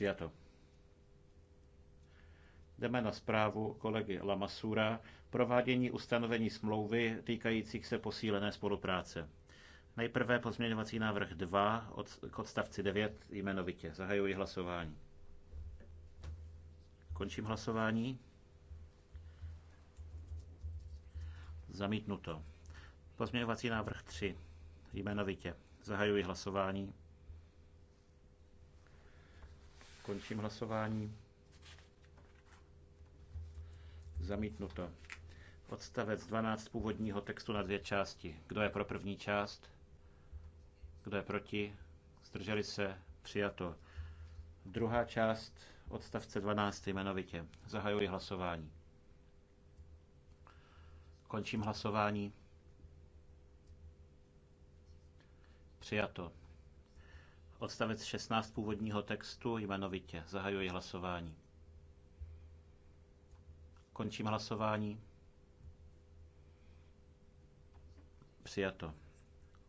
Přijato. Jdeme na zprávu kolegy Lamasura. Provádění ustanovení smlouvy týkajících se posílené spolupráce. Nejprve pozměňovací návrh 2 od, k odstavci 9 jmenovitě. Zahajuji hlasování. Končím hlasování. Zamítnuto. Pozměňovací návrh 3 jmenovitě. Zahajuji hlasování. Končím hlasování. Zamítnuto. Odstavec 12 původního textu na dvě části. Kdo je pro první část? Kdo je proti? Zdrželi se? Přijato. Druhá část odstavce 12 jmenovitě. Zahajuji hlasování. Končím hlasování. Přijato. Odstavec 16 původního textu jmenovitě. Zahajuji hlasování. Končím hlasování. Přijato.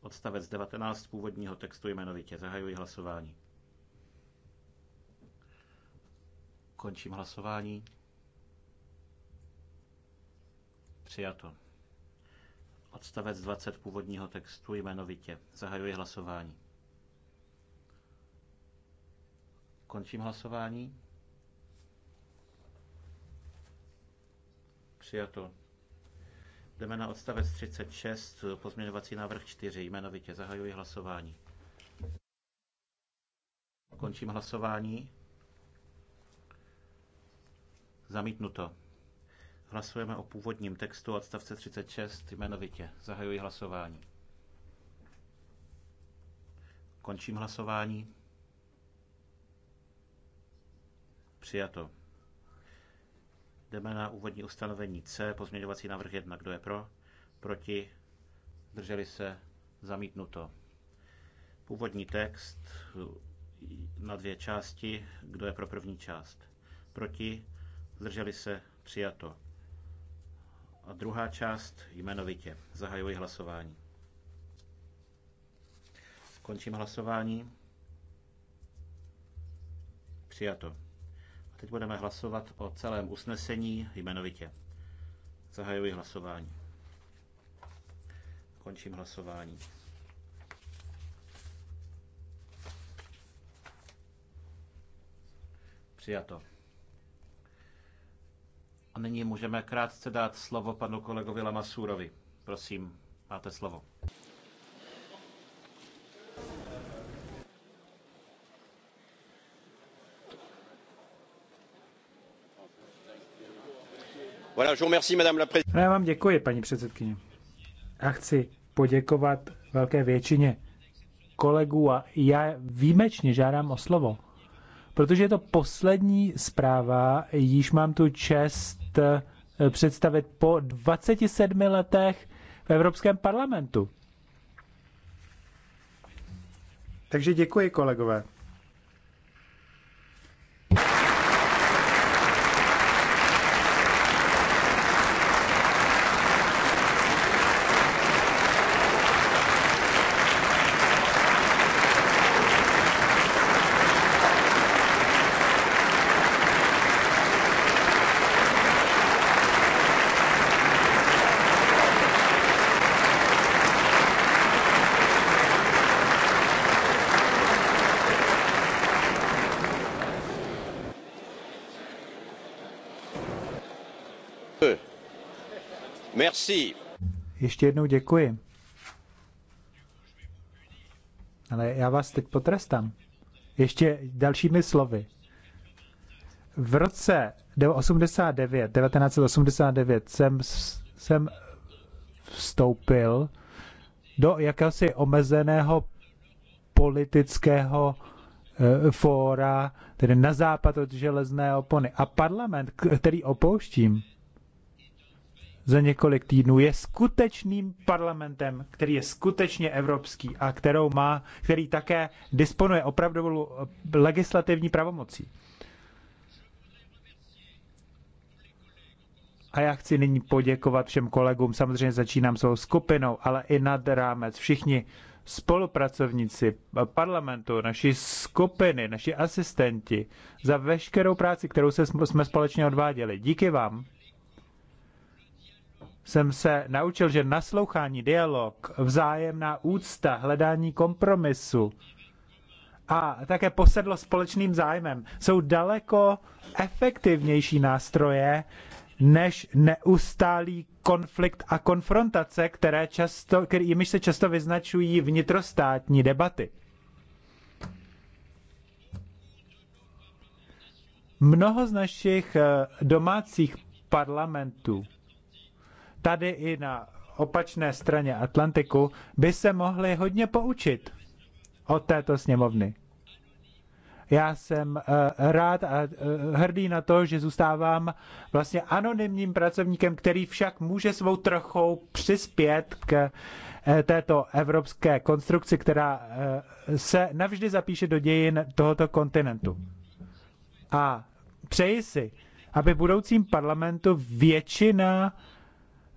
Odstavec 19 původního textu jmenovitě. Zahajuji hlasování. Končím hlasování. Přijato. Odstavec 20 původního textu jmenovitě. Zahajuji hlasování. Končím hlasování. Přijato. Jdeme na odstavec 36, pozměňovací návrh 4, jmenovitě zahajuji hlasování. Končím hlasování. Zamítnuto. Hlasujeme o původním textu odstavce 36 jmenovitě. Zahajuji hlasování. Končím hlasování. Přijato. Jdeme na úvodní ustanovení C, pozměňovací návrh 1. Kdo je pro? Proti? Drželi se? Zamítnuto. Původní text na dvě části. Kdo je pro první část? Proti? Zdrželi se? Přijato. A druhá část jmenovitě. Zahajuji hlasování. Končím hlasování. Přijato. Teď budeme hlasovat o celém usnesení jmenovitě. Zahajuji hlasování. Končím hlasování. Přijato. A nyní můžeme krátce dát slovo panu kolegovi Lamasurovi. Prosím, máte slovo. Já vám děkuji, paní předsedkyně. A chci poděkovat velké většině kolegů a já výjimečně žádám o slovo, protože je to poslední zpráva, již mám tu čest eh, představit po 27 letech v Evropském parlamentu. Takže děkuji, kolegové. Merci. Ještě jednou děkuji. Ale já vás teď potrestám. Ještě dalšími slovy. V roce 89, 1989 jsem, jsem vstoupil do jakéhosi omezeného politického e, fóra, tedy na západ od železné opony. A parlament, který opouštím, za několik týdnů je skutečným parlamentem, který je skutečně evropský a kterou má, který také disponuje opravdovou legislativní pravomocí. A já chci nyní poděkovat všem kolegům, samozřejmě začínám svou skupinou, ale i nad rámec. Všichni spolupracovníci parlamentu, naši skupiny, naši asistenti za veškerou práci, kterou se jsme společně odváděli. Díky vám jsem se naučil, že naslouchání, dialog, vzájemná úcta, hledání kompromisu a také posedlo společným zájmem jsou daleko efektivnější nástroje než neustálý konflikt a konfrontace, které často, kterými se často vyznačují vnitrostátní debaty. Mnoho z našich eh, domácích parlamentů tady i na opačné straně Atlantiku by se mohli hodně poučit od této sněmovny. Já jsem eh, rád a eh, hrdý na to, že zůstávám vlastně anonymním pracovníkem, který však může svou trochou přispět k eh, této evropské konstrukci, která se navždy zapíše do dějin tohoto kontinentu. A přeji si, aby budoucím parlamentu většina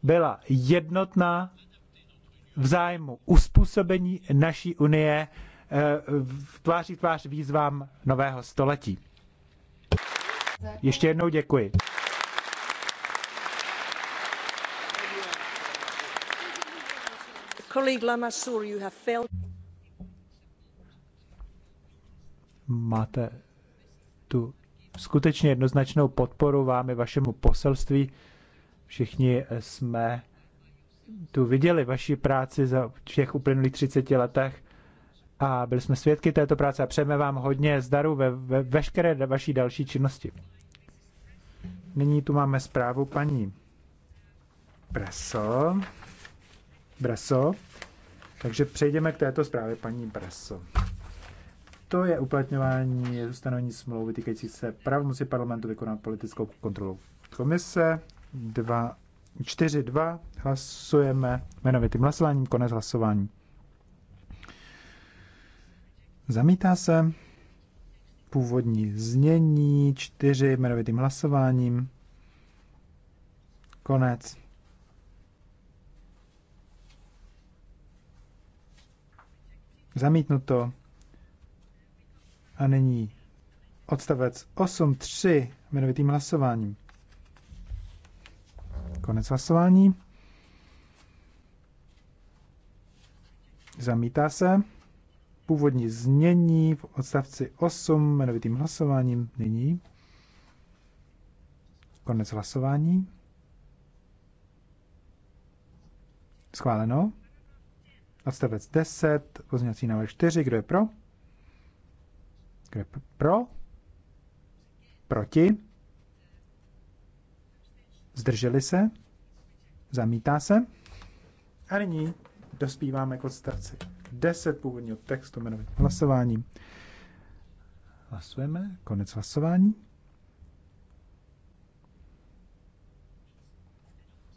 byla jednotná v zájmu uspůsobení naší unie eh, v tváří tvář výzvám nového století. Ještě jednou děkuji. Máte tu skutečně jednoznačnou podporu vám i vašemu poselství. Všichni jsme tu viděli vaši práci za všech uplynulých 30 letech a byli jsme svědky této práce a přejeme vám hodně zdaru ve, ve veškeré vaší další činnosti. Nyní tu máme zprávu paní Breso. Breso. Takže přejdeme k této zprávě paní Breso. To je uplatňování ustanovení smlouvy týkající se pravomoci parlamentu vykonat politickou kontrolu komise 2, 4, 2. Hlasujeme jmenovitým hlasováním, konec hlasování. Zamítá se původní znění, 4 jmenovitým hlasováním. Konec. Zamítnuto. A nyní odstavec 8.3 jmenovitým hlasováním. Konec hlasování. Zamítá se. Původní znění v odstavci 8 jmenovitým hlasováním nyní. Konec hlasování. Schváleno. Odstavec 10, pozměňovací návrh 4, kdo je pro? Kdo je pro? Proti? Zdrželi se? Zamítá se? A nyní dospíváme k odstavci Deset původního textu jmenovitým hlasování Hlasujeme. Konec hlasování.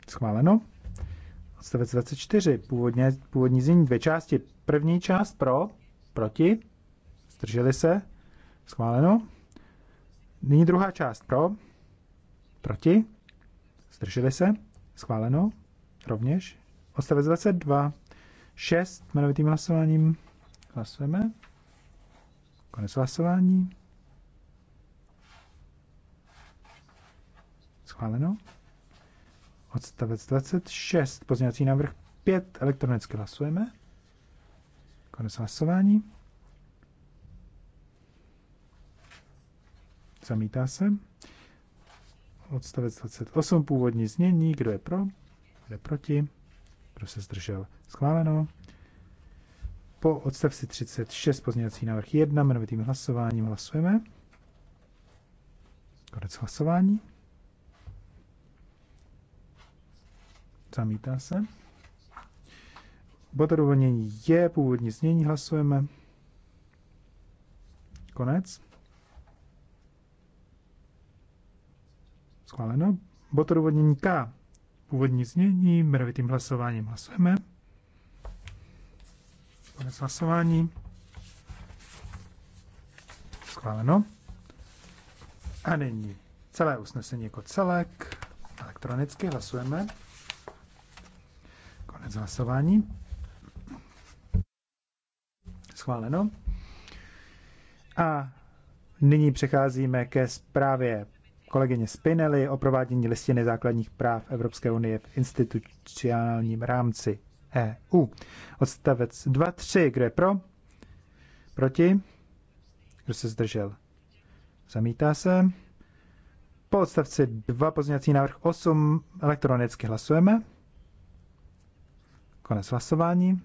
Schváleno. Odstavec 24. Původně, původní zní dvě části. První část pro, proti, zdrželi se, schváleno. Nyní druhá část pro, proti, Zdrželi se? Schváleno? Rovněž? Odstavec 22. 6. Jmenovitým hlasováním. Hlasujeme. Konec hlasování. Schváleno. Odstavec 26. Pozměňovací návrh 5. Elektronicky hlasujeme. Konec hlasování. Zamítá se odstavec 28, původní znění, kdo je pro, kdo je proti, kdo se zdržel, schváleno. Po odstavci 36, pozměňovací návrh 1, jmenovitým hlasováním hlasujeme. Konec hlasování. Zamítá se. Bod odůvodnění je původní znění, hlasujeme. Konec. Schváleno. Bod odůvodnění K. Původní znění, jmenovitým hlasováním hlasujeme. Konec hlasování. Schváleno. A nyní celé usnesení jako celek. Elektronicky hlasujeme. Konec hlasování. Schváleno. A nyní přecházíme ke zprávě kolegyně Spinelli o provádění listiny základních práv Evropské unie v institucionálním rámci EU. Odstavec 2.3. Kdo je pro? Proti? Kdo se zdržel? Zamítá se. Po odstavci 2 pozměňovací návrh 8 elektronicky hlasujeme. Konec hlasování.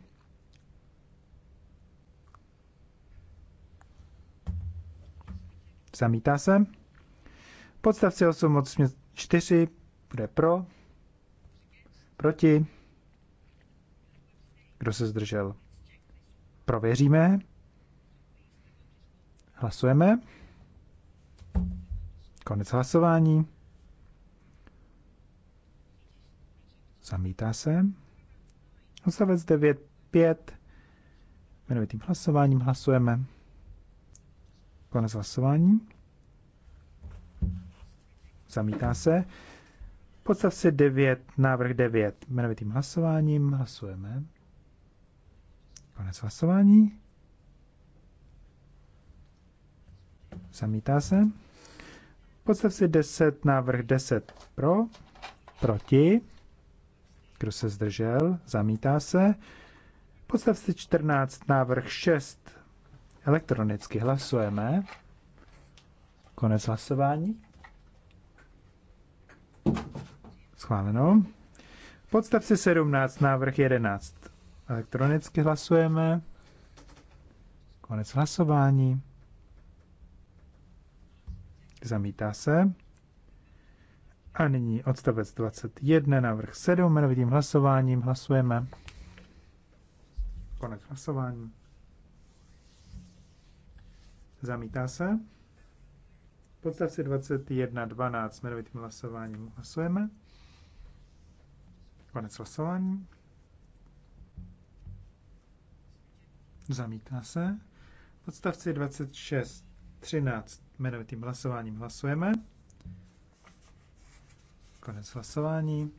Zamítá se. Podstavci 8 od 4, bude pro? Proti? Kdo se zdržel? Prověříme. Hlasujeme. Konec hlasování. Zamítá se. Odstavec 9, 5. Jmenovitým hlasováním hlasujeme. Konec hlasování zamítá se. Podstavce 9, návrh 9, jmenovitým hlasováním hlasujeme. Konec hlasování. Zamítá se. Podstavci 10, návrh 10 pro, proti, kdo se zdržel, zamítá se. Podstavci 14, návrh 6, elektronicky hlasujeme. Konec hlasování. Schváleno. V odstavci 17, návrh 11. Elektronicky hlasujeme. Konec hlasování. Zamítá se. A nyní odstavec 21, návrh 7, jmenovitým hlasováním hlasujeme. Konec hlasování. Zamítá se. V odstavci 21, 12, jmenovitým hlasováním hlasujeme. Konec hlasování. Zamítá se. V odstavci 26, 13 jmenovitým hlasováním hlasujeme. Konec hlasování.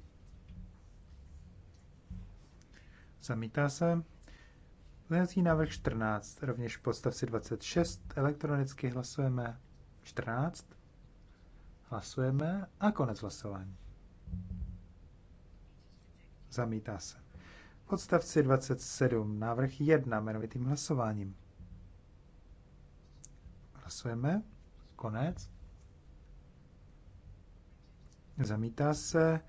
Zamítá se. Pozměňovací návrh 14, rovněž v podstavci 26, elektronicky hlasujeme 14. Hlasujeme a konec hlasování. Zamítá se. V odstavci 27, návrh 1, jmenovitým hlasováním. Hlasujeme. Konec. Zamítá se.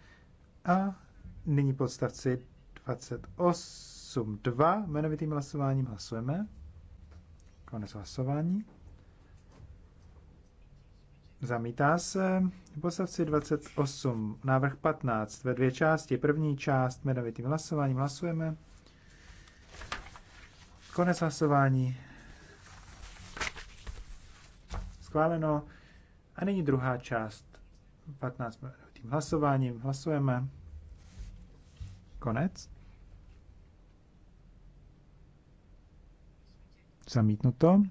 A nyní v odstavci 28, 2, jmenovitým hlasováním hlasujeme. Konec hlasování. Zamítá se v 28, návrh 15 ve dvě části. První část jmenovitým hlasováním hlasujeme. Konec hlasování. Schváleno. A nyní druhá část 15 jmenovitým hlasováním. Hlasujeme. Konec. Zamítnuto.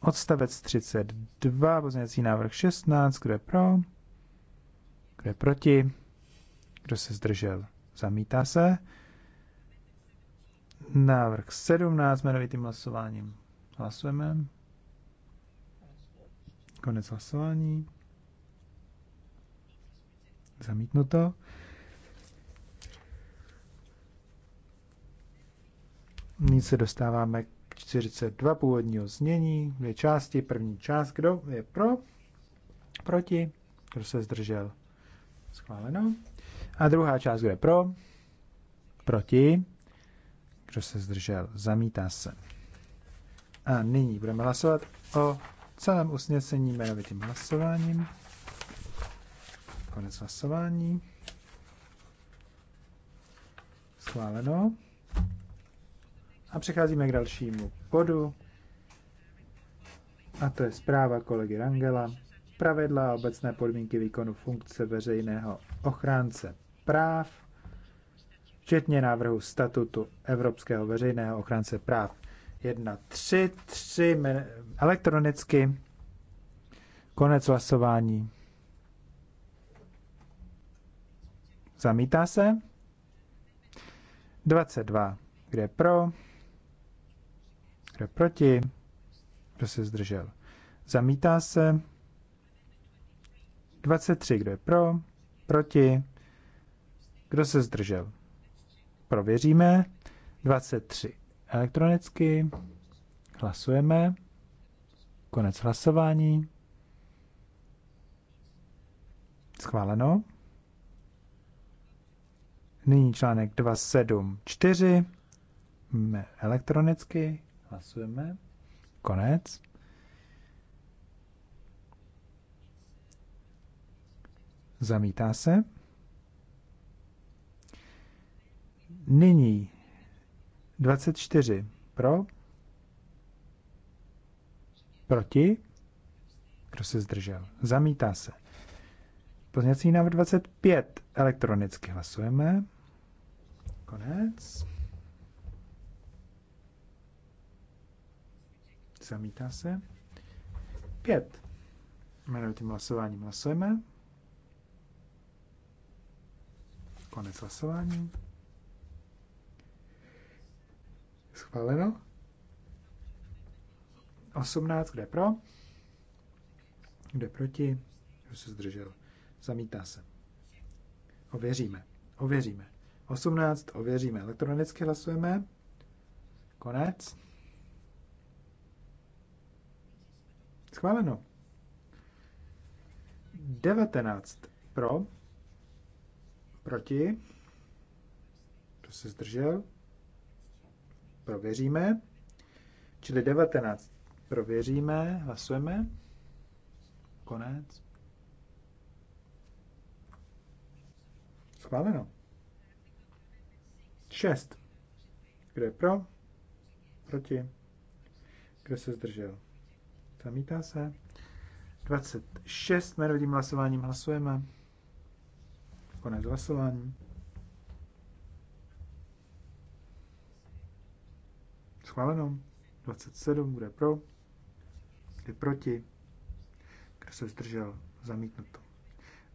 Odstavec 32, pozměňovací návrh 16, kdo je pro, kdo je proti, kdo se zdržel, zamítá se. Návrh 17, jmenovitým hlasováním. Hlasujeme. Konec hlasování. Zamítnuto. Nyní se dostáváme 42 původního znění, dvě části, první část, kdo je pro, proti, kdo se zdržel, schváleno. A druhá část, kdo je pro, proti, kdo se zdržel, zamítá se. A nyní budeme hlasovat o celém usnesení jmenovitým hlasováním. Konec hlasování. Schváleno. A přecházíme k dalšímu bodu. A to je zpráva kolegy Rangela. Pravidla a obecné podmínky výkonu funkce veřejného ochránce práv, včetně návrhu statutu Evropského veřejného ochránce práv 3 elektronicky. Konec hlasování. Zamítá se. 22, kde pro, kdo je proti? Kdo se zdržel? Zamítá se. 23. Kdo je pro? Proti? Kdo se zdržel? Prověříme. 23. Elektronicky. Hlasujeme. Konec hlasování. Schváleno. Nyní článek 274. Elektronicky. Hlasujeme. Konec. Zamítá se. Nyní 24 pro, proti, kdo se zdržel. Zamítá se. Pozněcí návrh 25 elektronicky hlasujeme. Konec. zamítá se. Pět. Jmenovitým hlasováním hlasujeme. Konec hlasování. Schváleno. 18, kde pro? Kde proti? Kdo se zdržel? Zamítá se. Ověříme. Ověříme. 18, ověříme. Elektronicky hlasujeme. Konec. Schváleno. 19 pro, proti, to se zdržel, prověříme, čili 19 prověříme, hlasujeme, konec. Schváleno. 6. Kdo je pro? Proti? Kdo se zdržel? zamítá se. 26 Merovým hlasováním hlasujeme. Konec hlasování. Schváleno. 27 bude pro, kde proti, kdo se zdržel, zamítnuto.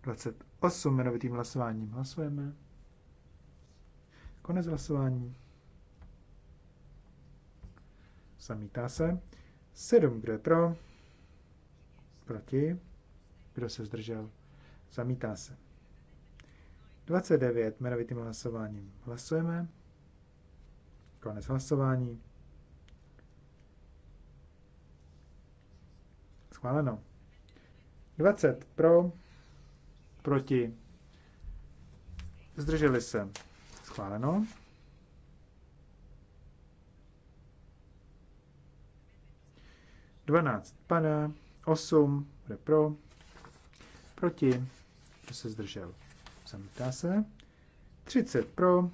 28 Merovým hlasováním hlasujeme. Konec hlasování. Zamítá se. 7, kdo je pro? Proti? Kdo se zdržel? Zamítá se. 29 jmenovitým hlasováním. Hlasujeme. Konec hlasování. Schváleno. 20 pro, proti, zdrželi se. Schváleno. 12 padá, 8 bude pro, proti, kdo se zdržel, zamítá se, 30 pro,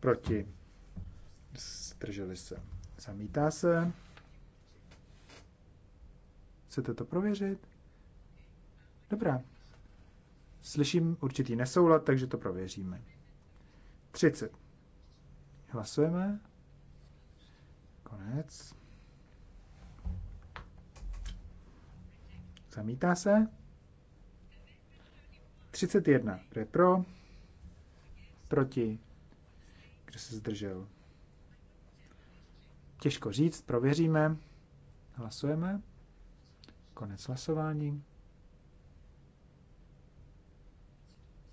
proti, zdrželi se, zamítá se. Chcete to prověřit? Dobrá. Slyším určitý nesoulad, takže to prověříme. 30. Hlasujeme. Konec. Zamítá se. 31. Kdo je pro? Proti? Kdo se zdržel? Těžko říct, prověříme. Hlasujeme. Konec hlasování.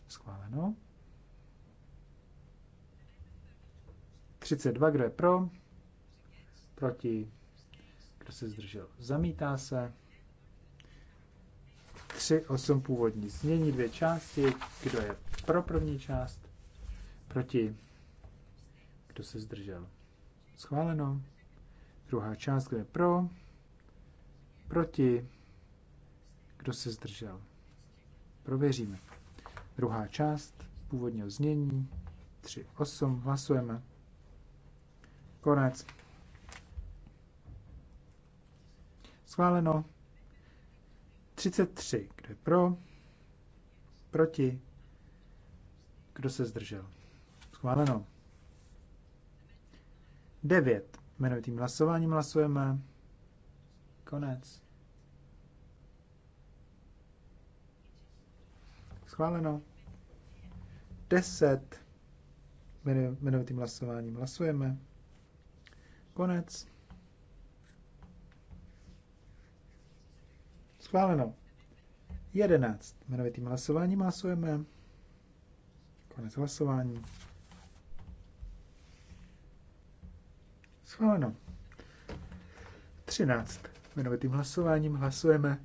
Schváleno. 32, kdo je pro? Proti? Kdo se zdržel? Zamítá se. 3.8 původní znění, dvě části, kdo je pro první část, proti, kdo se zdržel. Schváleno. Druhá část, kdo je pro, proti, kdo se zdržel. Prověříme. Druhá část původního znění, 3.8, hlasujeme. Konec. Schváleno. 33. Kdo je pro? Proti? Kdo se zdržel? Schváleno. 9. Jmenovitým hlasováním hlasujeme. Konec. Schváleno. 10. Jmenovitým hlasováním hlasujeme. Konec. Schváleno. 11. Jmenovitým hlasováním hlasujeme. Konec hlasování. Schváleno. 13. Jmenovitým hlasováním hlasujeme.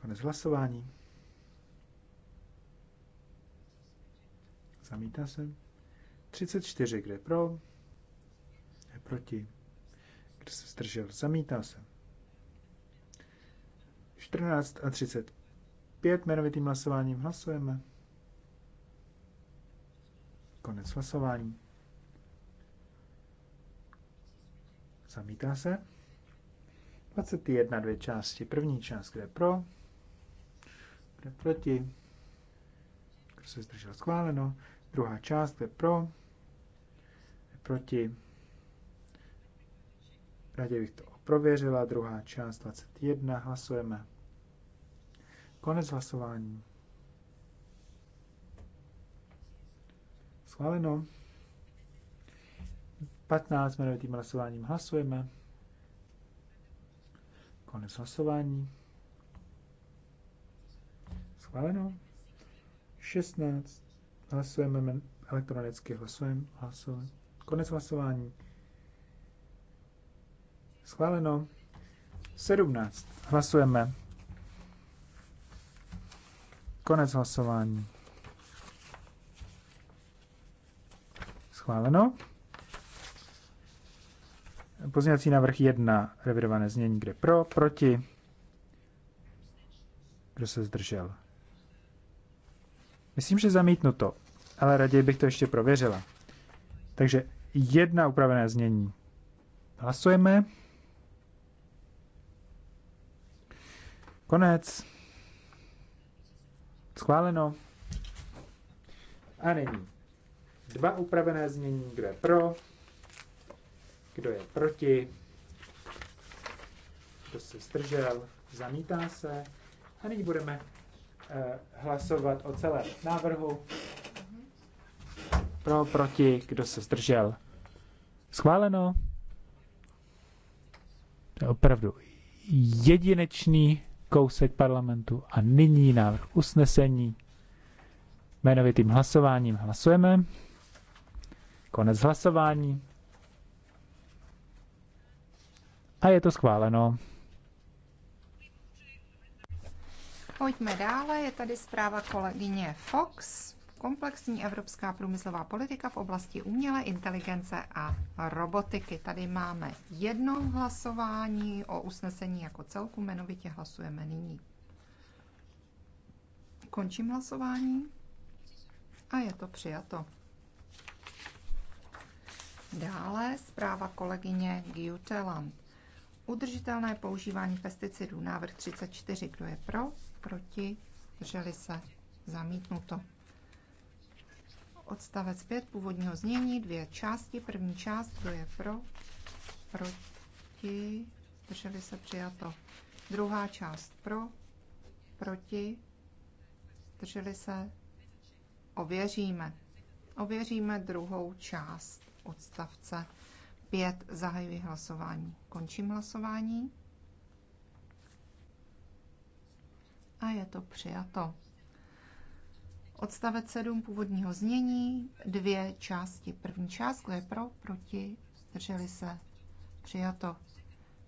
Konec hlasování. Zamítá se. 34. Kde pro? Kde proti? Kde se zdržel? Zamítá se. 14 a 35 jmenovitým hlasováním hlasujeme. Konec hlasování. Zamítá se. 21 dvě části. První část, kde je pro, kde je proti, kdo se zdržel schváleno. Druhá část, kde je pro, kde je proti. Raději bych to prověřila. Druhá část 21. Hlasujeme. Konec hlasování. Schváleno. 15 jmenovitým hlasováním hlasujeme. Konec hlasování. Schváleno. 16. Hlasujeme elektronicky. Hlasujeme. Hlasujeme. Konec hlasování. Schváleno. 17. Hlasujeme. Konec hlasování. Schváleno. Pozměňovací návrh 1, revidované znění, kde pro, proti, kdo se zdržel. Myslím, že zamítnu to, ale raději bych to ještě prověřila. Takže jedna upravené znění. Hlasujeme. Konec. Schváleno. A nyní dva upravené znění, kdo je pro, kdo je proti, kdo se zdržel, zamítá se. A nyní budeme eh, hlasovat o celém návrhu. Pro, proti, kdo se zdržel. Schváleno. To je opravdu jedinečný kousek parlamentu. A nyní návrh usnesení. Jmenovitým hlasováním hlasujeme. Konec hlasování. A je to schváleno. Pojďme dále, je tady zpráva kolegyně Fox komplexní evropská průmyslová politika v oblasti umělé inteligence a robotiky. Tady máme jedno hlasování o usnesení jako celku, jmenovitě hlasujeme nyní. Končím hlasování a je to přijato. Dále zpráva kolegyně Giuteland. Udržitelné používání pesticidů, návrh 34. Kdo je pro? Proti? Drželi se? Zamítnuto odstavec 5 původního znění, dvě části. První část, kdo je pro, proti, drželi se přijato. Druhá část pro, proti, drželi se, ověříme. Ověříme druhou část odstavce 5. Zahajuji hlasování. Končím hlasování. A je to přijato. Odstavec 7 původního znění, dvě části. První část, kdo je pro, proti, zdrželi se, přijato.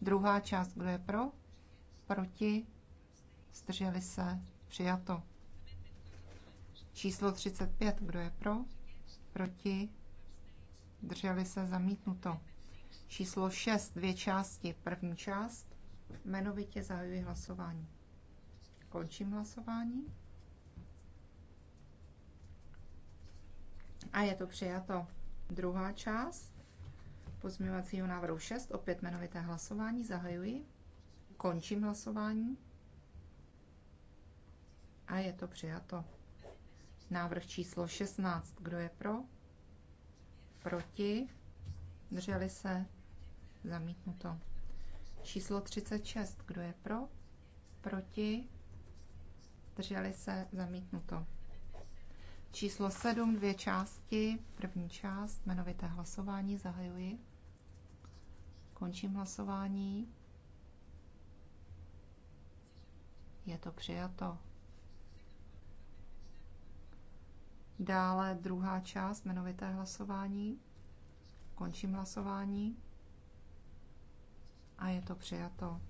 Druhá část, kdo je pro, proti, zdrželi se, přijato. Číslo 35, kdo je pro, proti, zdrželi se, zamítnuto. Číslo 6, dvě části. První část, jmenovitě zahajuji hlasování. Končím hlasování. a je to přijato. Druhá část pozměňovacího návrhu 6, opět jmenovité hlasování, zahajuji, končím hlasování a je to přijato. Návrh číslo 16, kdo je pro? Proti? Drželi se? Zamítnuto. Číslo 36, kdo je pro? Proti? Drželi se? Zamítnuto. Číslo 7, dvě části. První část, jmenovité hlasování, zahajuji. Končím hlasování. Je to přijato. Dále druhá část, jmenovité hlasování. Končím hlasování. A je to přijato.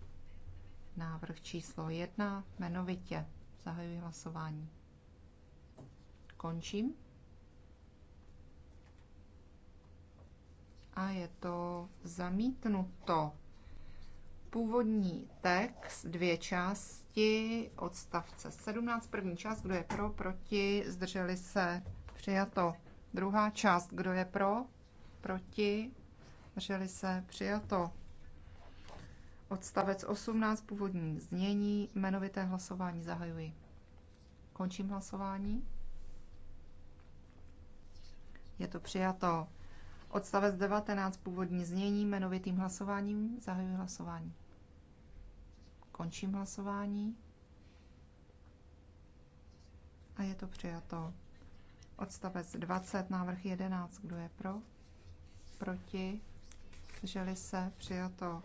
Návrh číslo 1, jmenovitě. Zahajuji hlasování skončím. A je to zamítnuto. Původní text, dvě části, odstavce 17, první část, kdo je pro, proti, zdrželi se, přijato. Druhá část, kdo je pro, proti, zdrželi se, přijato. Odstavec 18, původní znění, jmenovité hlasování zahajuji. Končím hlasování. Je to přijato. Odstavec 19 původní znění jmenovitým hlasováním. Zahajuji hlasování. Končím hlasování. A je to přijato. Odstavec 20, návrh 11. Kdo je pro? Proti? Zdrželi se? Přijato.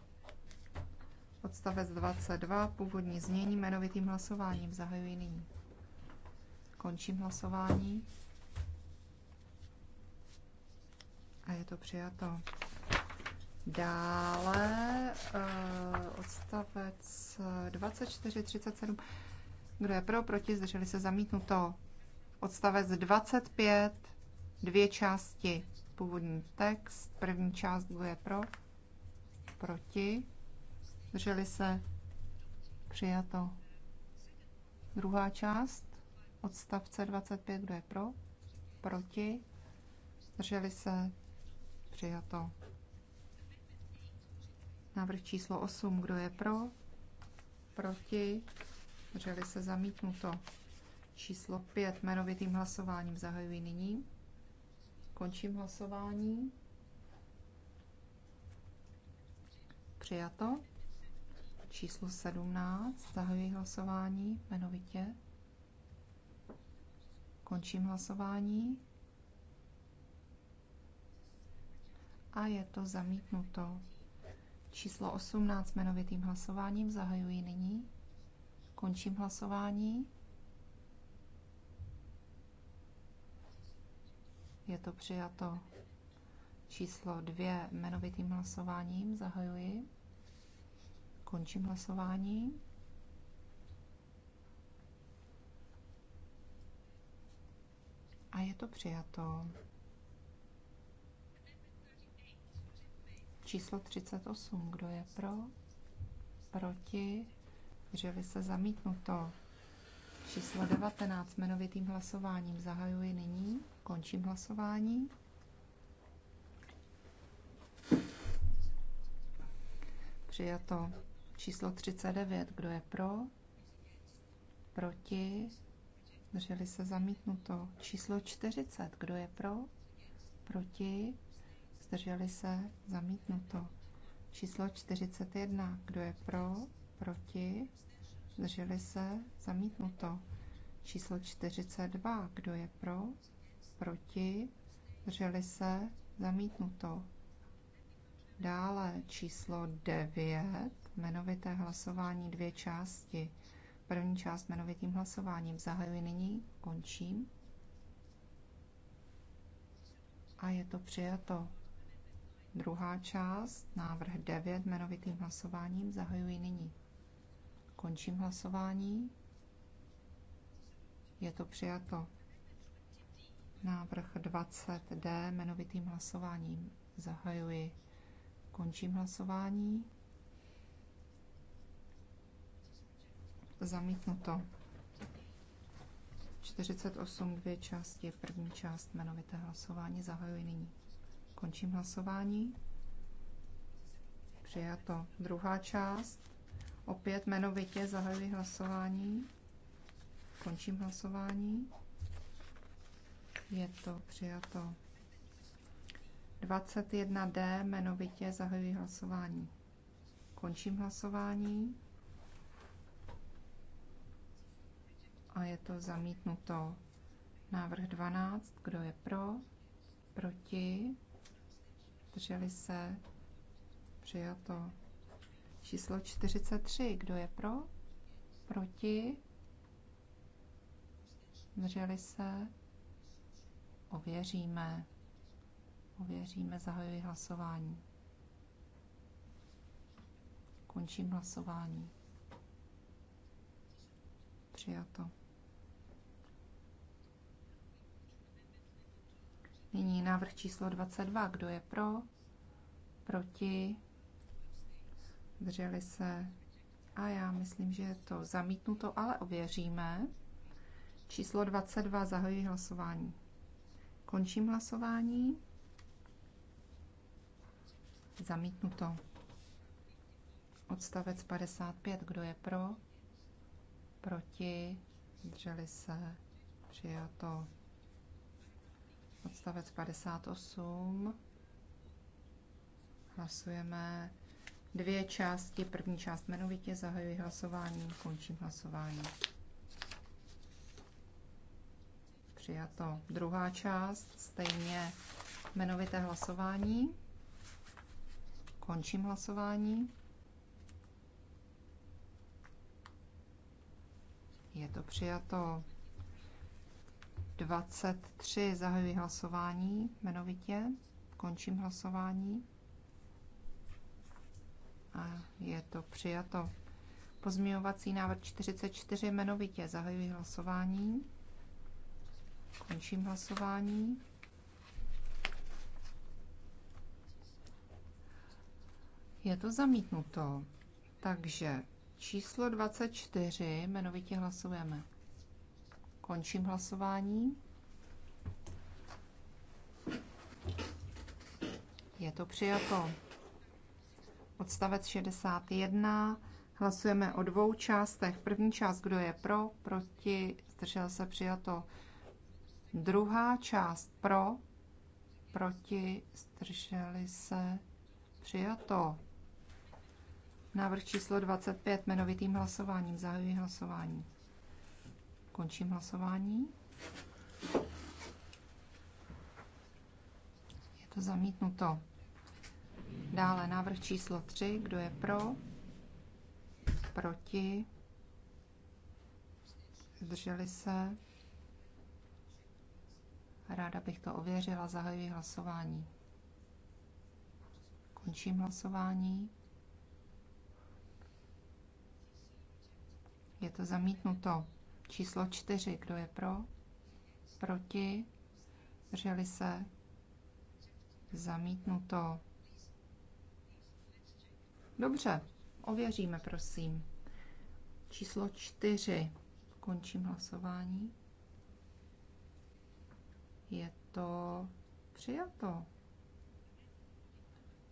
Odstavec 22, původní znění jmenovitým hlasováním. Zahajuji nyní. Končím hlasování. a je to přijato. Dále eh, odstavec 2437. Eh, kdo je pro, proti, zdrželi se zamítnuto. Odstavec 25, dvě části. Původní text, první část, kdo je pro, proti, zdrželi se přijato. Druhá část, odstavce 25, kdo je pro, proti, zdrželi se Přijato. Návrh číslo 8. Kdo je pro? Proti? Drželi se zamítnuto. Číslo 5. Jmenovitým hlasováním zahajuji nyní. Končím hlasování. Přijato. Číslo 17. Zahajuji hlasování jmenovitě. Končím hlasování. a je to zamítnuto. Číslo 18 jmenovitým hlasováním zahajuji nyní. Končím hlasování. Je to přijato. Číslo 2 jmenovitým hlasováním zahajuji. Končím hlasování. A je to přijato. Číslo 38. Kdo je pro? Proti? by se zamítnuto. Číslo 19. Jmenovitým hlasováním zahajuji nyní. Končím hlasování. Přijato. Číslo 39. Kdo je pro? Proti? Drželi se zamítnuto. Číslo 40. Kdo je pro? Proti? zdrželi se, zamítnuto. Číslo 41, kdo je pro, proti, zdrželi se, zamítnuto. Číslo 42, kdo je pro, proti, zdrželi se, zamítnuto. Dále číslo 9, jmenovité hlasování dvě části. První část jmenovitým hlasováním zahajuji nyní, končím. A je to přijato. Druhá část, návrh 9, jmenovitým hlasováním, zahajuji nyní. Končím hlasování. Je to přijato. Návrh 20D, jmenovitým hlasováním, zahajuji. Končím hlasování. Zamítnuto. 48 dvě části, první část jmenovité hlasování, zahajuji nyní. Končím hlasování. Přijato. Druhá část. Opět jmenovitě zahajuji hlasování. Končím hlasování. Je to přijato. 21D jmenovitě zahajuji hlasování. Končím hlasování. A je to zamítnuto. Návrh 12. Kdo je pro? Proti? zdrželi se? Přijato. Číslo 43. Kdo je pro? Proti? Zdrželi se? Ověříme. Ověříme, zahajuji hlasování. Končím hlasování. Přijato. Nyní návrh číslo 22. Kdo je pro? Proti? Drželi se? A já myslím, že je to zamítnuto, ale ověříme. Číslo 22. Zahajuji hlasování. Končím hlasování. Zamítnuto. Odstavec 55. Kdo je pro? Proti? Drželi se? Přijato. Odstavec 58. Hlasujeme dvě části. První část jmenovitě zahajuji hlasování, končím hlasování. Přijato. Druhá část, stejně jmenovité hlasování. Končím hlasování. Je to přijato. 23. Zahajuji hlasování jmenovitě. Končím hlasování. A je to přijato. Pozměňovací návrh 44 jmenovitě. Zahajuji hlasování. Končím hlasování. Je to zamítnuto. Takže číslo 24 jmenovitě hlasujeme. Končím hlasování. Je to přijato. Odstavec 61. Hlasujeme o dvou částech. První část, kdo je pro, proti, zdržel se přijato. Druhá část pro, proti, zdrželi se přijato. Návrh číslo 25 jmenovitým hlasováním. Zahajuji hlasování. Končím hlasování. Je to zamítnuto. Dále návrh číslo 3. Kdo je pro? Proti? Zdrželi se? Ráda bych to ověřila. Zahajuji hlasování. Končím hlasování. Je to zamítnuto. Číslo 4. Kdo je pro? Proti? Drželi se? Zamítnuto. Dobře, ověříme, prosím. Číslo 4. Končím hlasování. Je to přijato.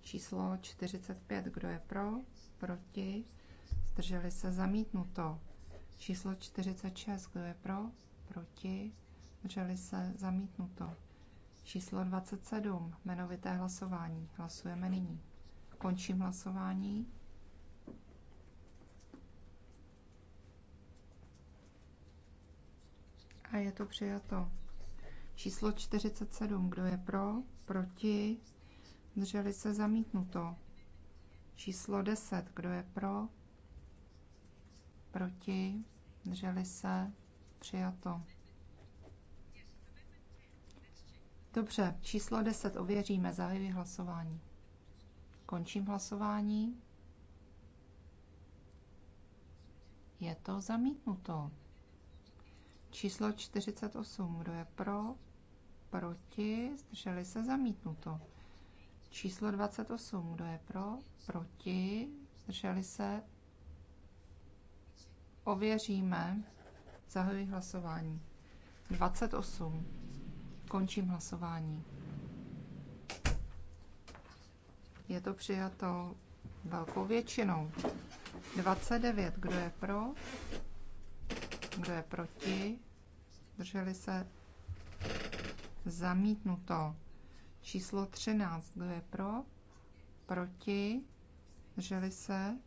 Číslo 45. Kdo je pro? Proti? Zdrželi se zamítnuto. Číslo 46, kdo je pro? Proti? Drželi se zamítnuto. Číslo 27, jmenovité hlasování. Hlasujeme nyní. Končím hlasování. A je to přijato. Číslo 47, kdo je pro? Proti? Drželi se zamítnuto. Číslo 10, kdo je pro? proti, drželi se, přijato. Dobře, číslo 10 ověříme, zahajuji hlasování. Končím hlasování. Je to zamítnuto. Číslo 48, kdo je pro, proti, zdrželi se, zamítnuto. Číslo 28, kdo je pro, proti, zdrželi se, Ověříme. Zahajuji hlasování. 28. Končím hlasování. Je to přijato velkou většinou. 29. Kdo je pro? Kdo je proti? Drželi se? Zamítnuto. Číslo 13. Kdo je pro? Proti? Drželi se?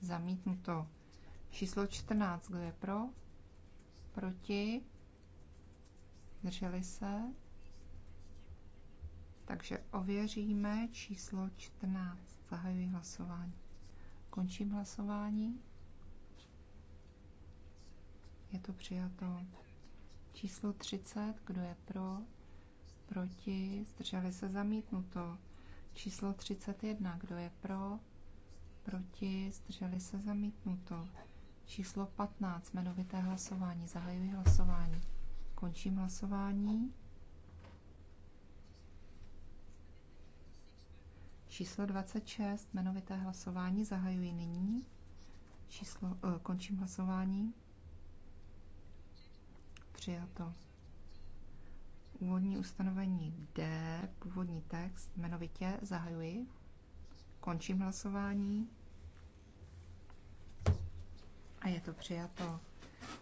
Zamítnuto. Číslo 14, kdo je pro? Proti? Drželi se? Takže ověříme číslo 14. Zahajuji hlasování. Končím hlasování. Je to přijato. Číslo 30, kdo je pro? Proti? Zdrželi se zamítnuto. Číslo 31, kdo je pro? Proti? Zdrželi se zamítnuto. Číslo 15, jmenovité hlasování. Zahajuji hlasování. Končím hlasování. Číslo 26, jmenovité hlasování. Zahajuji nyní. Číslo, uh, končím hlasování. Přijato. Úvodní ustanovení D, původní text, jmenovitě zahajuji. Končím hlasování a je to přijato.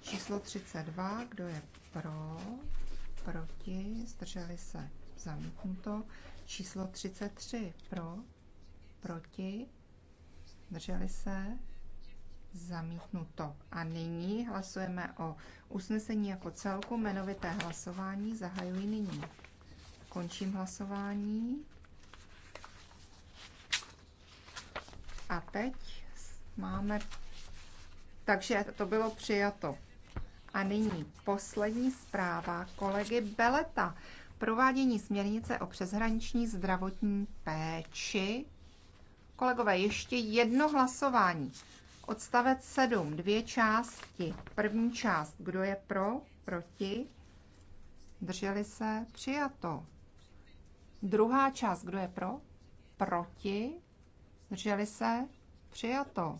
Číslo 32, kdo je pro, proti, zdrželi se, zamítnuto. Číslo 33, pro, proti, zdrželi se, zamítnuto. A nyní hlasujeme o usnesení jako celku, jmenovité hlasování, zahajuji nyní. Končím hlasování. A teď máme takže to bylo přijato. A nyní poslední zpráva kolegy Beleta. Provádění směrnice o přeshraniční zdravotní péči. Kolegové, ještě jedno hlasování. Odstavec 7, dvě části. První část, kdo je pro, proti, drželi se, přijato. Druhá část, kdo je pro, proti, drželi se, přijato.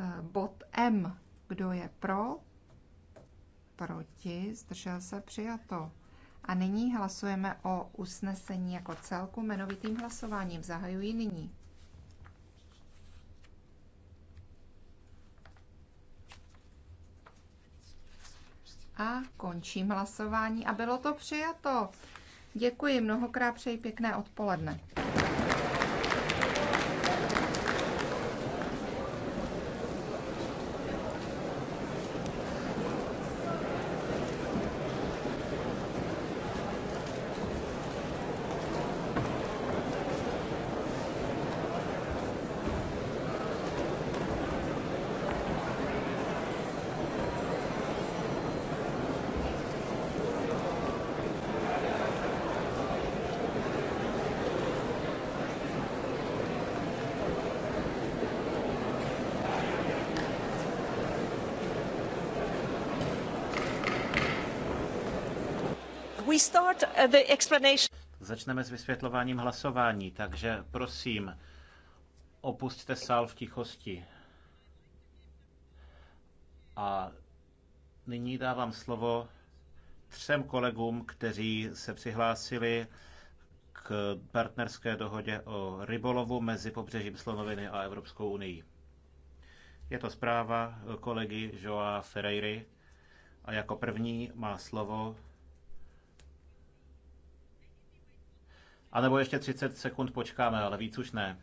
Eh, bod M. Kdo je pro? Proti? Zdržel se? Přijato. A nyní hlasujeme o usnesení jako celku jmenovitým hlasováním. Zahajuji nyní. A končím hlasování a bylo to přijato. Děkuji mnohokrát, přeji pěkné odpoledne. we start uh, the explanation. Začneme s vysvětlováním hlasování, takže prosím, opusťte sál v tichosti. A nyní dávám slovo třem kolegům, kteří se přihlásili k partnerské dohodě o rybolovu mezi pobřežím Slonoviny a Evropskou unii. Je to zpráva kolegy Joa Ferreiry a jako první má slovo A nebo ještě 30 sekund počkáme, ale víc už ne.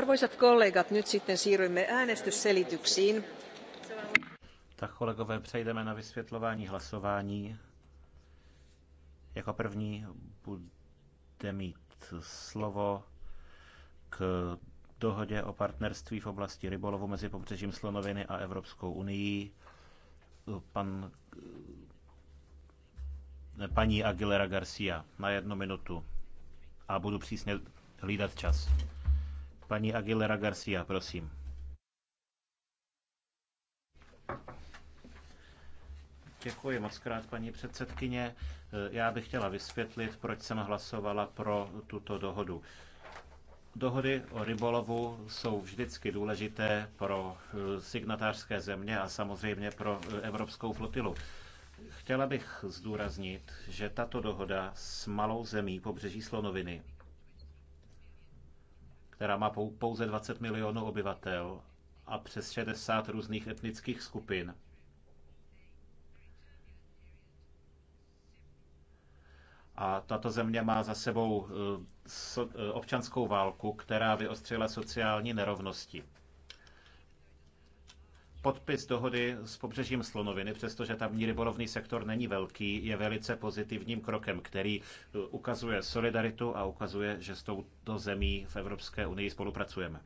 Arvoisat kollegat, nyt sitten siirrymme äänestysselityksiin. Tak kolegové, přejdeme na vysvětlování hlasování. Jako první bude mít slovo k dohodě o partnerství v oblasti rybolovu mezi pobřežím Slonoviny a Evropskou unii pan, paní Aguilera Garcia na jednu minutu a budu přísně hlídat čas. Paní Aguilera Garcia, prosím. Děkuji moc krát, paní předsedkyně. Já bych chtěla vysvětlit, proč jsem hlasovala pro tuto dohodu. Dohody o rybolovu jsou vždycky důležité pro eh, signatářské země a samozřejmě pro eh, evropskou flotilu. Chtěla bych zdůraznit, že tato dohoda s malou zemí pobřeží Slonoviny která má pouze 20 milionů obyvatel a přes 60 různých etnických skupin. A tato země má za sebou eh, eh, občanskou válku, která vyostřila sociální nerovnosti. Podpis dohody s pobřežím Slonoviny, přestože tamní rybolovný sektor není velký, je velice pozitivním krokem, který uh, ukazuje solidaritu a ukazuje, že s touto zemí v Evropské unii spolupracujeme.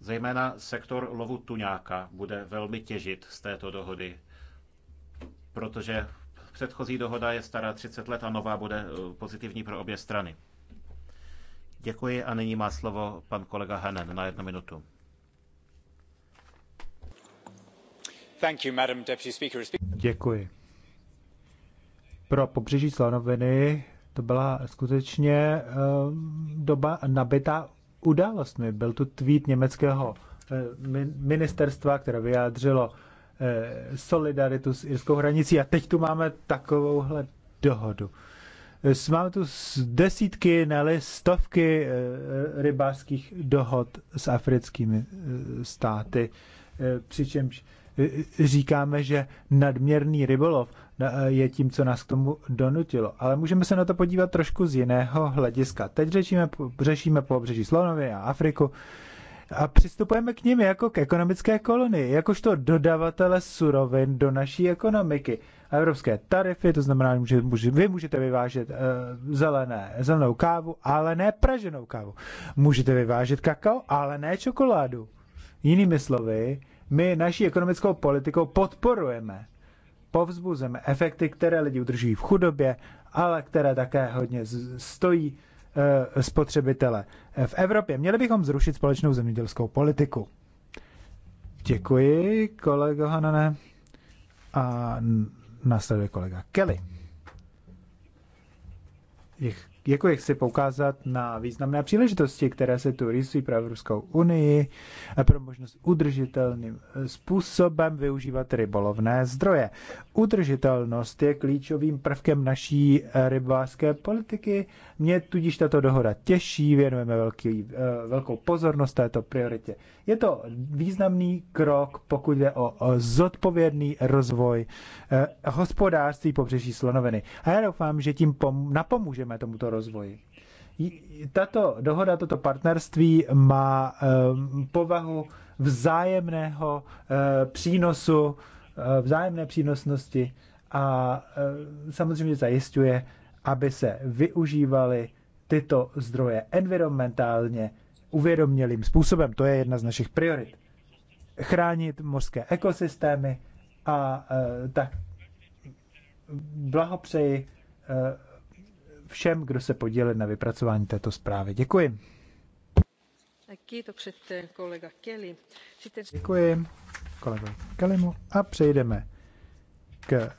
Zejména sektor lovu tuňáka bude velmi těžit z této dohody, protože Předchozí dohoda je stará 30 let a nová bude eh, pozitivní pro obě strany. Děkuji a nyní má slovo pan kolega Hanen na jednu minutu. Děkuji. Pro pobřeží slonoviny to byla skutečně eh, doba nabitá událostmi. Byl tu tweet německého eh, ministerstva, které vyjádřilo Eh, solidaritu s irskou hranicí a teď tu máme takovouhle dohodu. Eh, máme tu desítky, ne stovky eh, rybářských dohod s africkými státy, přičemž říkáme, že nadměrný rybolov je tím, co nás k tomu donutilo. Ale můžeme se na to podívat trošku z jiného hlediska. Teď řešíme, řešíme pobřeží Slonovy a Afriku, a přistupujeme k ním jako k ekonomické kolonii, jakožto dodavatele surovin do naší ekonomiky. A evropské tarify, to znamená, že vy můžete vyvážet uh, zelené, zelenou kávu, ale ne praženou kávu. Můžete vyvážet kakao, ale ne čokoládu. Jinými slovy, my naší ekonomickou politikou podporujeme, povzbuzeme efekty, které lidi udržují v chudobě, ale které také hodně stojí Eh, spotřebitele v Evropě. Měli bychom zrušit společnou zemědělskou politiku. Děkuji, kolego Hanane. A následuje kolega Kelly. Děkuji jako chci poukázat na významné příležitosti, které se tu rysují pro Evropskou unii a pro možnost udržitelným způsobem využívat rybolovné zdroje. Udržitelnost je klíčovým prvkem naší rybářské politiky. Mě tudíž tato dohoda těší, věnujeme velký, eh, velkou pozornost této prioritě. Je to významný krok, pokud jde o, o zodpovědný rozvoj eh, hospodářství pobřeží slonoviny. A já doufám, že tím pom- napomůžeme tomuto rozvoji. Tato dohoda, toto partnerství má eh, povahu vzájemného eh, přínosu, eh, vzájemné přínosnosti a eh, samozřejmě zajišťuje, aby se využívaly tyto zdroje environmentálně uvědomělým způsobem. To je jedna z našich priorit. Chránit mořské ekosystémy a e, tak blahopřeji e, všem, kdo se podíleli na vypracování této zprávy. Děkuji. E, Děkuji kolega Kelimu a přejdeme k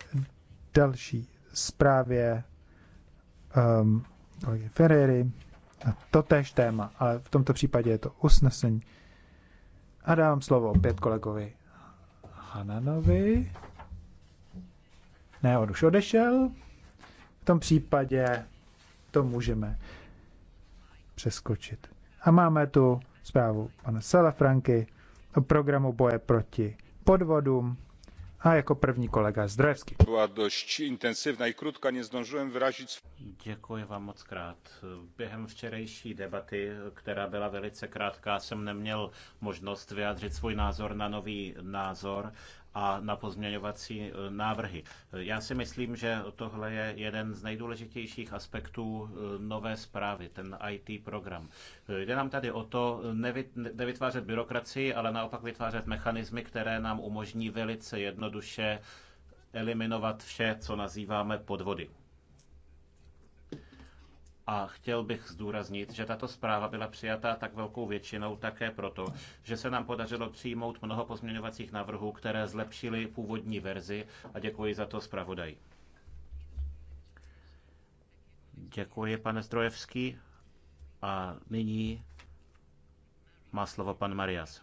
další zprávě um, kolegy Ferrery na též téma, ale v tomto případě je to usnesení. A dávám slovo opět kolegovi Hananovi. Ne, on už odešel. V tom případě to můžeme přeskočit. A máme tu zprávu pana Franky o programu boje proti podvodům a jako první kolega Zdrojevský. Byla dost intenzivní i krutka, nezdążyłem vyražit. Děkuji vám moc krát. Během včerejší debaty, která byla velice krátká, jsem neměl možnost vyjádřit svůj názor na nový názor, a na pozměňovací e, návrhy. E, já si myslím, že tohle je jeden z nejdůležitějších aspektů e, nové zprávy, ten IT program. Jde nám tady o to nevytvářet byrokracii, ale naopak vytvářet mechanismy, které nám umožní velice jednoduše eliminovat vše, co nazýváme podvody. A chtěl bych zdůraznit, že tato zpráva byla přijata tak velkou většinou také proto, že se nám podařilo přijmout mnoho pozměňovacích návrhů, které zlepšily původní verzi a děkuji za to zpravodaji. Děkuji, pane Zdrojevský. A nyní má slovo pan Marias.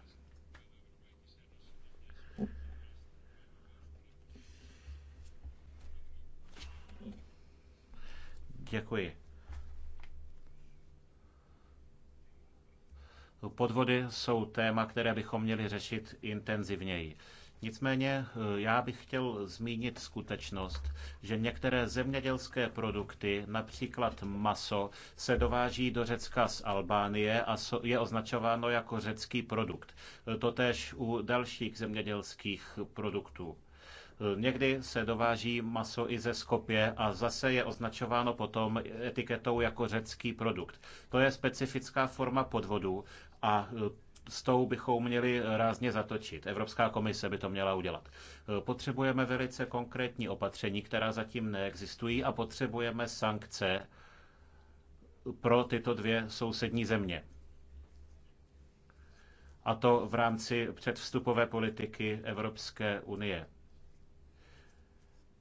Děkuji. Podvody jsou téma, které bychom měli řešit intenzivněji. Nicméně eh, já bych chtěl zmínit skutečnost, že některé zemědělské produkty, například maso, se dováží do Řecka z Albánie a je označováno jako řecký produkt. Eh, Totež u dalších zemědělských produktů. Eh, někdy se dováží maso i ze Skopje a zase je označováno potom etiketou jako řecký produkt. To je specifická forma podvodu a e, s tou bychom měli rázně zatočit. Evropská komise by to měla udělat. E, potřebujeme velice konkrétní opatření, která zatím neexistují a potřebujeme sankce pro tyto dvě sousední země. A to v rámci předvstupové politiky Evropské unie.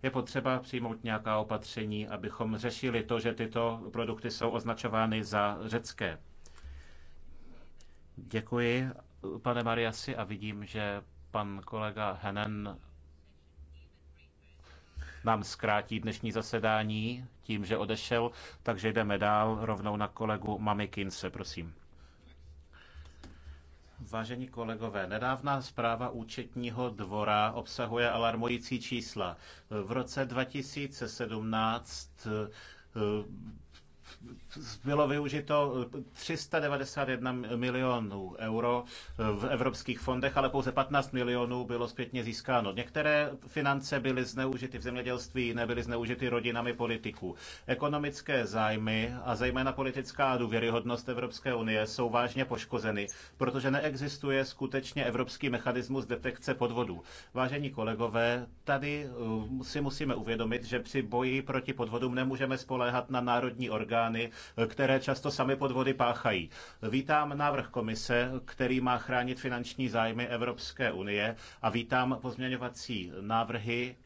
Je potřeba přijmout nějaká opatření, abychom řešili to, že tyto produkty jsou označovány za řecké. Děkuji, pane Mariasi, a vidím, že pan kolega Henen nám zkrátí dnešní zasedání tím, že odešel, takže jdeme dál rovnou na kolegu Mamikince, prosím. Vážení kolegové, nedávná zpráva účetního dvora obsahuje alarmující čísla. V roce 2017 bylo využito 391 milionů euro v evropských fondech, ale pouze 15 milionů bylo zpětně získáno. Některé finance byly zneužity v zemědělství, jiné byly zneužity rodinami politiků. Ekonomické zájmy a zejména politická důvěryhodnost Evropské unie jsou vážně poškozeny, protože neexistuje skutečně evropský mechanismus detekce podvodů. Vážení kolegové, tady eh, si musíme uvědomit, že při boji proti podvodům nemůžeme spoléhat na národní orgány, orgány, které často sami podvody páchají. Vítám návrh komise, který má chránit finanční zájmy Evropské unie a vítám pozměňovací návrhy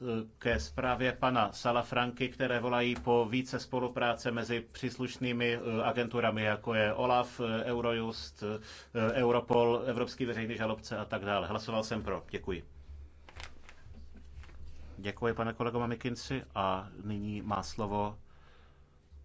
eh, ke zprávě pana Salafranky, které volají po více spolupráce mezi příslušnými eh, agenturami, jako je OLAF, eh, Eurojust, Europol, Evropský veřejný žalobce a tak dále. Hlasoval jsem pro. Děkuji. Děkuji, pane kolego Mamikinci. A nyní má slovo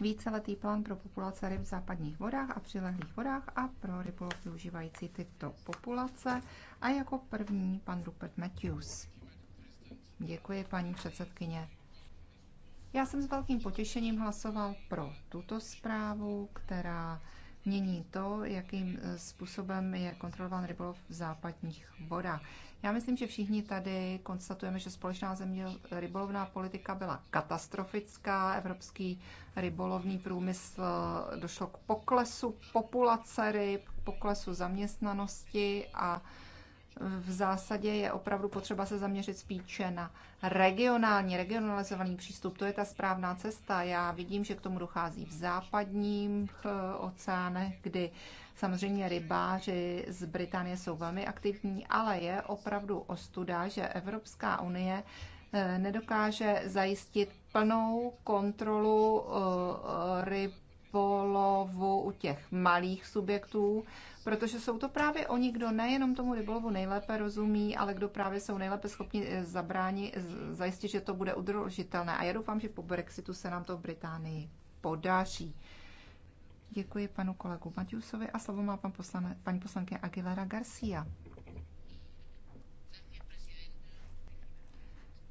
víceletý plán pro populace ryb v západních vodách a přilehlých vodách a pro rybolov využívající tyto populace. A jako první pan Rupert Matthews. Děkuji, paní předsedkyně. Já jsem s velkým potěšením hlasoval pro tuto zprávu, která mění to, jakým způsobem je kontrolován rybolov v západních vodách. Já myslím, že všichni tady konstatujeme, že společná země rybolovná politika byla katastrofická. Evropský rybolovný průmysl eh, došlo k poklesu populace ryb, poklesu zaměstnanosti a v zásadě je opravdu potřeba se zaměřit spíše na regionální, regionalizovaný přístup. To je ta správná cesta. Já vidím, že k tomu dochází v západních eh, oceánech, kdy samozřejmě rybáři z Británie jsou velmi aktivní, ale je opravdu ostuda, že Evropská unie eh, nedokáže zajistit plnou kontrolu eh, ryb rybolovu u těch malých subjektů, protože jsou to právě oni, kdo nejenom tomu rybolovu nejlépe rozumí, ale kdo právě jsou nejlépe schopni eh, zabránit, zajistit, že to bude udržitelné. A já doufám, že po Brexitu se nám to v Británii podaří. Děkuji panu kolegu Matiusovi a slovo má pan poslane, paní poslankyně Aguilera Garcia.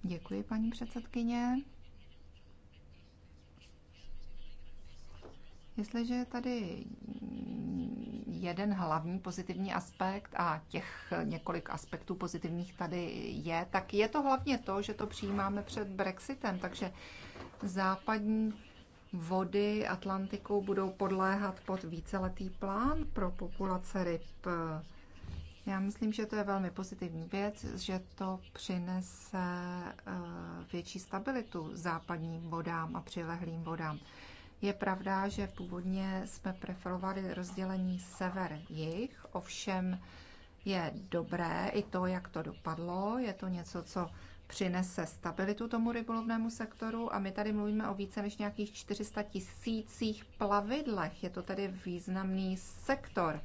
Děkuji, paní předsedkyně. Jestliže je tady jeden hlavní pozitivní aspekt a těch několik aspektů pozitivních tady je, tak je to hlavně to, že to přijímáme před Brexitem, takže západní vody Atlantiku budou podléhat pod víceletý plán pro populace ryb. Já myslím, že to je velmi pozitivní věc, že to přinese eh, větší stabilitu západním vodám a přilehlým vodám. Je pravda, že původně jsme preferovali rozdělení sever-jih, ovšem je dobré i to, jak to dopadlo. Je to něco, co přinese stabilitu tomu rybolovnému sektoru a my tady mluvíme o více než nějakých 400 tisících plavidlech. Je to tedy významný sektor.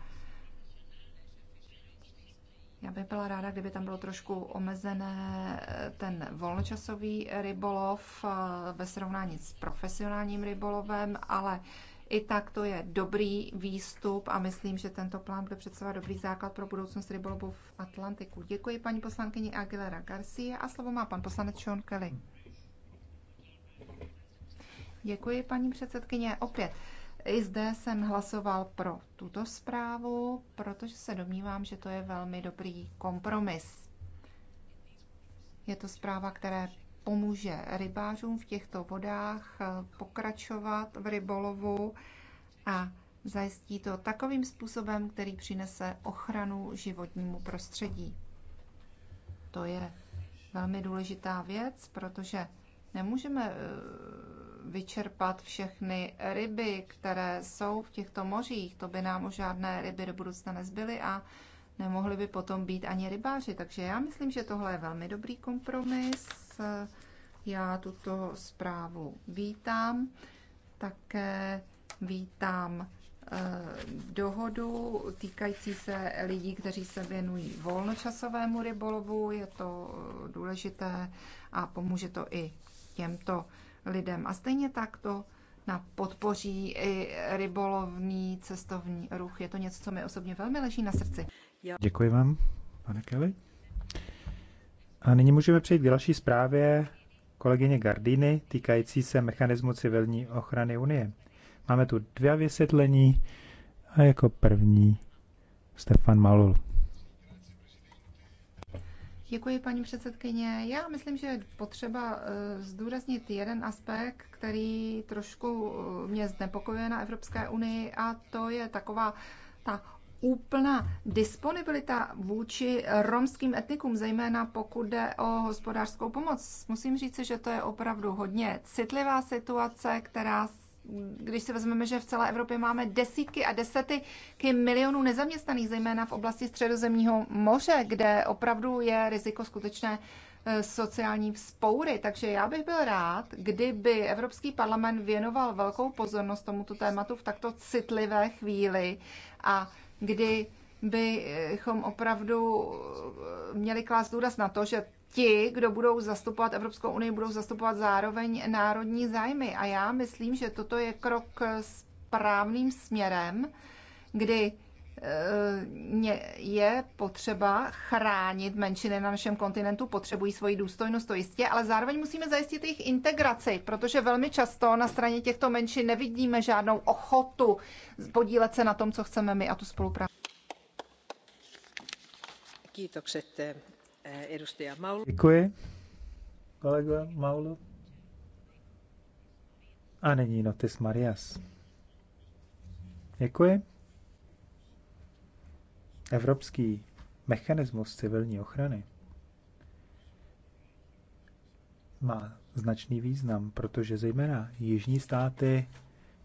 Já bych byla ráda, kdyby tam bylo trošku omezené eh, ten volnočasový rybolov eh, ve srovnání s profesionálním rybolovem, ale i tak to je dobrý výstup a myslím, že tento plán bude představovat dobrý základ pro budoucnost rybolovu v Atlantiku. Děkuji paní poslankyni Aguilera Garcia a slovo má pan poslanec Sean Kelly. Děkuji, paní předsedkyně. Opět i zde jsem hlasoval pro tuto zprávu, protože se domnívám, že to je velmi dobrý kompromis. Je to zpráva, která pomůže rybářům v těchto vodách eh, pokračovat v rybolovu a zajistí to takovým způsobem, který přinese ochranu životnímu prostředí. To je velmi důležitá věc, protože nemůžeme eh, vyčerpat všechny ryby, které jsou v těchto mořích. To by nám už žádné ryby do budoucna nezbyly a nemohli by potom být ani rybáři. Takže já myslím, že tohle je velmi dobrý kompromis. Já tuto zprávu vítám. Také vítám eh, dohodu týkající se lidí, kteří se věnují volnočasovému rybolovu. Je to eh, důležité a pomůže to i těmto lidem. A stejně tak to na podpoří i rybolovný cestovní ruch. Je to něco, co mi osobně velmi leží na srdci. Děkuji vám, pane Kelly. A nyní můžeme přejít k další zprávě kolegyně Gardiny týkající se mechanismu civilní ochrany Unie. Máme tu dvě vysvětlení a jako první Stefan Malul. Děkuji, paní předsedkyně. Já myslím, že je potřeba eh, zdůraznit jeden aspekt, který trošku eh, mě znepokojuje na Evropské unii, a to je taková ta úplná disponibilita vůči romským etnikům, zejména pokud jde o hospodářskou pomoc. Musím říct, že to je opravdu hodně citlivá situace, která když si vezmeme, že v celé Evropě máme desítky a desetky milionů nezaměstnaných, zejména v oblasti středozemního moře, kde opravdu je riziko skutečné eh, sociální vzpoury. Takže já bych byl rád, kdyby Evropský parlament věnoval velkou pozornost tomuto tématu v takto citlivé chvíli a kdy bychom opravdu eh, měli klást důraz na to, že ti, kdo budou zastupovat Evropskou unii, budou zastupovat zároveň národní zájmy. A já myslím, že toto je krok správným směrem, kdy eh, je potřeba chránit menšiny na našem kontinentu, potřebují svoji důstojnost, to jistě, ale zároveň musíme zajistit jejich integraci, protože velmi často na straně těchto menšin nevidíme žádnou ochotu podílet se na tom, co chceme my a tu spolupráci. Eh, Děkuji. Kolega Maulu. A nyní Notis Marias. Děkuji. Evropský mechanismus civilní ochrany má značný význam, protože zejména jižní státy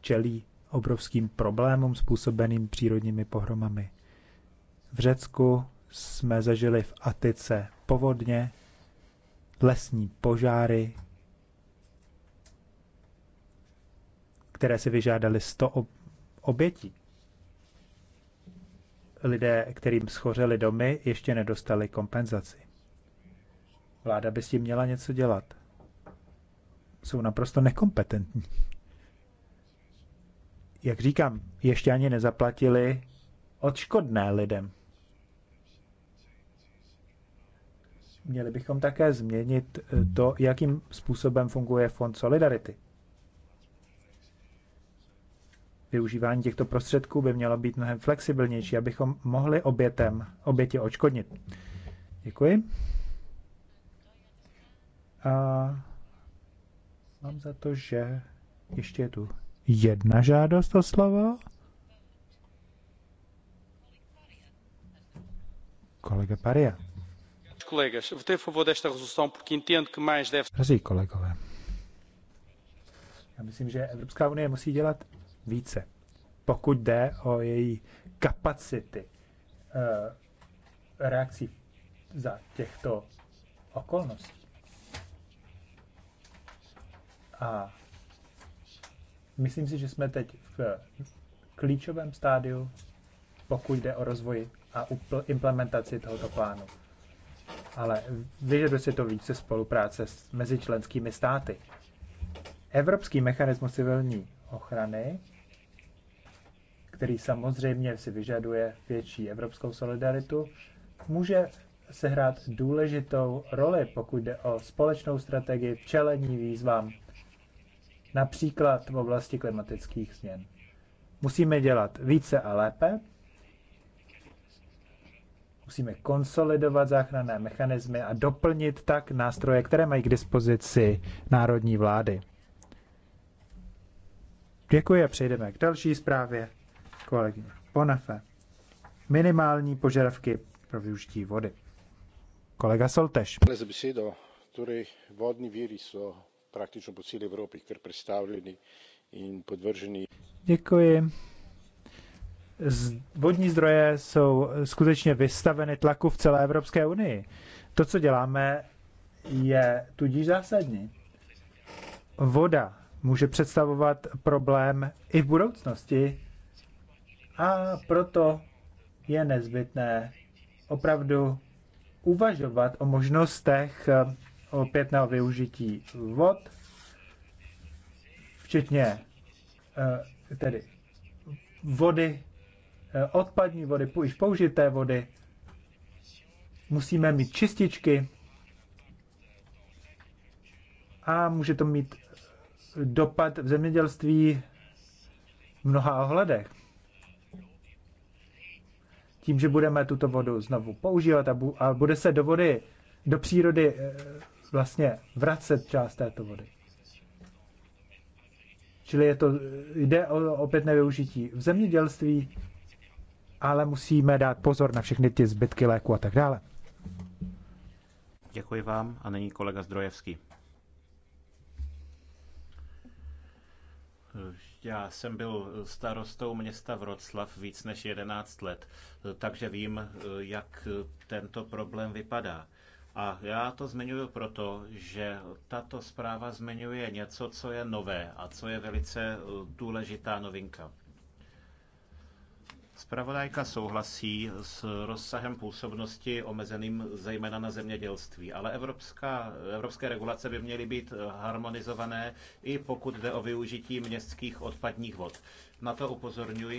čelí obrovským problémům způsobeným přírodními pohromami. V Řecku jsme zažili v Atice povodně, lesní požáry, které si vyžádali 100 obětí. Lidé, kterým schořeli domy, ještě nedostali kompenzaci. Vláda by s tím měla něco dělat. Jsou naprosto nekompetentní. Jak říkám, ještě ani nezaplatili odškodné lidem. Měli bychom také změnit eh, to, jakým způsobem funguje Fond Solidarity. Využívání těchto prostředků by mělo být mnohem flexibilnější, abychom mohli obětem, oběti očkodnit. Děkuji. A mám za to, že ještě je tu jedna žádost o slovo. Kolega Paria. Drazí kolegové, já myslím, že Evropská unie musí dělat více, pokud jde o její kapacity eh, reakcí za těchto okolností. A myslím si, že jsme teď v klíčovém stádiu, pokud jde o rozvoj a implementaci tohoto plánu ale vyžaduje si to více spolupráce mezi členskými státy. Evropský mechanismus civilní ochrany, který samozřejmě si vyžaduje větší evropskou solidaritu, může sehrát důležitou roli, pokud jde o společnou strategii v čelení výzvám, například v oblasti klimatických změn. Musíme dělat více a lépe, Musíme konsolidovat záchranné mechanismy a doplnit tak nástroje, které mají k dispozici národní vlády. Děkuji a přejdeme k další zprávě kolegyně Bonafe. Minimální požadavky pro využití vody. Kolega Solteš. Za besedo. Torej, vodni viri po celé Evropi kar predstavljeni in podvrženi. Děkuji, vodní zdroje jsou skutečně vystaveny tlaku v celé Evropské unii. To, co děláme, je tudíž zásadní. Voda může představovat problém i v budoucnosti a proto je nezbytné opravdu uvažovat o možnostech eh, opětného využití vod, včetně eh, tedy vody Eh, odpadní vody, již použité vody. Musíme mít čističky a může to mít eh, dopad v zemědělství v mnoha ohledech. Tím, že budeme tuto vodu znovu používat a, bude se do vody, do přírody eh, vlastně vracet část této vody. Čili je to, jde o opět nevyužití v zemědělství, ale musíme dát pozor na všechny ty zbytky léku a tak dále. Děkuji vám a nyní kolega Zdrojevský. Já jsem byl starostou města Vroclav víc než 11 let, takže vím, jak tento problém vypadá. A já to zmiňuji proto, že tato zpráva zmiňuje něco, co je nové a co je velice důležitá novinka. Spravodajka souhlasí s rozsahem působnosti omezeným zejména na zemědělství, ale evropská, evropské regulace by měly být harmonizované i pokud jde o využití městských odpadních vod. Na to upozorňuji